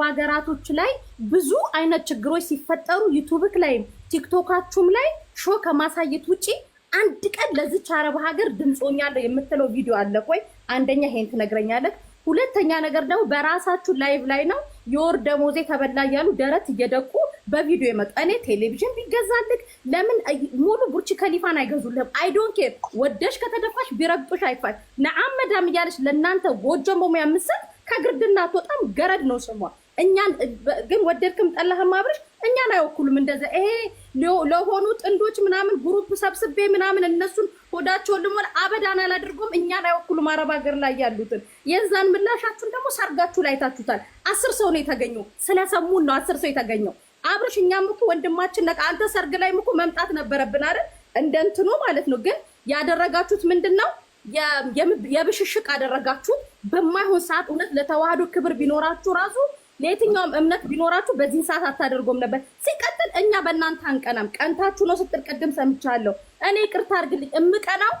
ሀገራቶች ላይ ብዙ አይነት ችግሮች ሲፈጠሩ ዩቱብክ ላይም ቲክቶካችሁም ላይ ሾ ከማሳየት ውጪ አንድ ቀን ለዚች አረብ ሀገር ድምፆኛለሁ የምትለው ቪዲዮ አለ? ቆይ አንደኛ ይሄን ትነግረኛለህ። ሁለተኛ ነገር ደግሞ በራሳችሁ ላይቭ ላይ ነው የወር ደሞዜ ተበላ እያሉ ደረት እየደቁ በቪዲዮ የመጡ እኔ ቴሌቪዥን ቢገዛልክ ለምን ሙሉ ቡርች ከሊፋን አይገዙልህም? አይዶን ኬር ወደሽ ከተደፋሽ ቢረግጡሽ አይፋል ነአመዳም እያለች ለእናንተ ጎጆ መሙያ ምሰጥ ከግርድና አትወጣም። ገረድ ነው ስሟል። እኛን ግን ወደድክም ጠላህም አብርሽ እኛን አይወኩሉም እንደዛ ይሄ ለሆኑ ጥንዶች ምናምን ግሩፕ ሰብስቤ ምናምን እነሱን ሆዳቸውን ልሞል አበዳን አላድርጎም። እኛን አይወኩሉም አረብ ሀገር ላይ ያሉትን የዛን ምላሻችሁን ደግሞ ሰርጋችሁ ላይ ታችሁታል። አስር ሰው ነው የተገኘው። ስለሰሙን ነው አስር ሰው የተገኘው። አብርሽ እኛም እኮ ወንድማችን ነቃ። አንተ ሰርግ ላይ እኮ መምጣት ነበረብን አይደል? እንደንትኖ ማለት ነው። ግን ያደረጋችሁት ምንድን ነው? የብሽሽቅ አደረጋችሁ በማይሆን ሰዓት እውነት ለተዋህዶ ክብር ቢኖራችሁ ራሱ ለየትኛውም እምነት ቢኖራችሁ በዚህን ሰዓት አታደርጎም ነበር። ሲቀጥል እኛ በእናንተ አንቀናም፣ ቀንታችሁ ነው ስትል ቅድም ሰምቻለሁ። እኔ ቅርታ አድርግልኝ፣ እምቀናው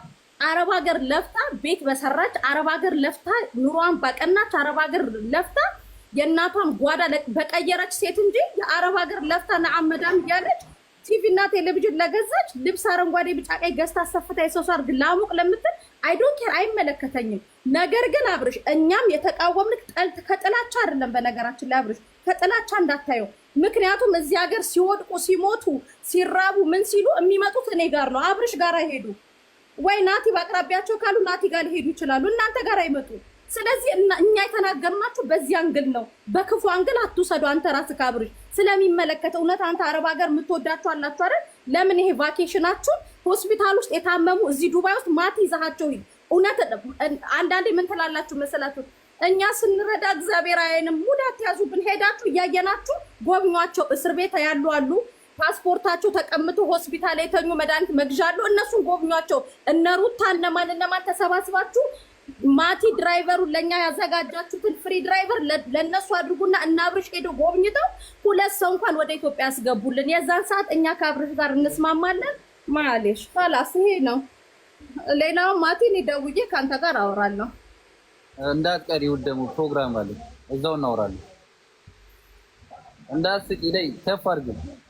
አረብ ሀገር ለፍታ ቤት በሰራች አረብ ሀገር ለፍታ ኑሯን ባቀናች አረብ ሀገር ለፍታ የእናቷን ጓዳ በቀየረች ሴት እንጂ የአረብ ሀገር ለፍታ ነአመዳም እያለች ቲቪ እና ቴሌቪዥን ለገዛች ልብስ አረንጓዴ፣ ቢጫ፣ ቀይ ገዝታ አሰፍታ የሰው አድርግ ላሙቅ ለምትል አይ ዶንት ኬር አይመለከተኝም። ነገር ግን አብርሽ እኛም የተቃወምንክ ጠልት ከጥላቻ አይደለም። በነገራችን ላይ አብርሽ ከጥላቻ እንዳታየው። ምክንያቱም እዚህ ሀገር ሲወድቁ ሲሞቱ ሲራቡ ምን ሲሉ የሚመጡት እኔ ጋር ነው። አብርሽ ጋር አይሄዱ ወይ ናቲ በአቅራቢያቸው ካሉ ናቲ ጋር ሊሄዱ ይችላሉ። እናንተ ጋር አይመጡ ስለዚህ እኛ የተናገርናችሁ በዚህ አንግል ነው። በክፉ አንግል አትውሰዱ። አንተ ራስ ካብሪ ስለሚመለከተ እውነት አንተ አረብ ሀገር የምትወዳችሁ አላችሁ አይደል? ለምን ይሄ ቫኬሽናችሁን ሆስፒታል ውስጥ የታመሙ እዚህ ዱባይ ውስጥ ማት ይዛሃቸው ሂድ። እውነት አንዳንዴ ምን ትላላችሁ መሰላችሁ? እኛ ስንረዳ እግዚአብሔር አይንም ሙድ አትያዙብን። ሄዳችሁ እያየናችሁ ጎብኟቸው። እስር ቤት ያሉ አሉ ፓስፖርታቸው ተቀምቶ ሆስፒታል የተኙ መድኃኒት መግዣ አሉ። እነሱን ጎብኟቸው። እነ ሩታ እነማን እነማን ተሰባስባችሁ ማቲ ድራይቨሩን ለእኛ ያዘጋጃችሁትን ፍሪ ድራይቨር ለእነሱ አድርጉና እና አብርሽ ሄዶ ጎብኝተው ሁለት ሰው እንኳን ወደ ኢትዮጵያ ያስገቡልን። የዛን ሰዓት እኛ ከአብርሽ ጋር እንስማማለን። ማሌሽ ፋላስ ይሄ ነው። ሌላውን ማቲ እኔ ደውዬ ከአንተ ጋር አወራለሁ። እንዳትቀሪ ደግሞ ፕሮግራም አለ፣ እዛው እናወራለን። እንዳትስቂ ላይ ከፍ አድርገን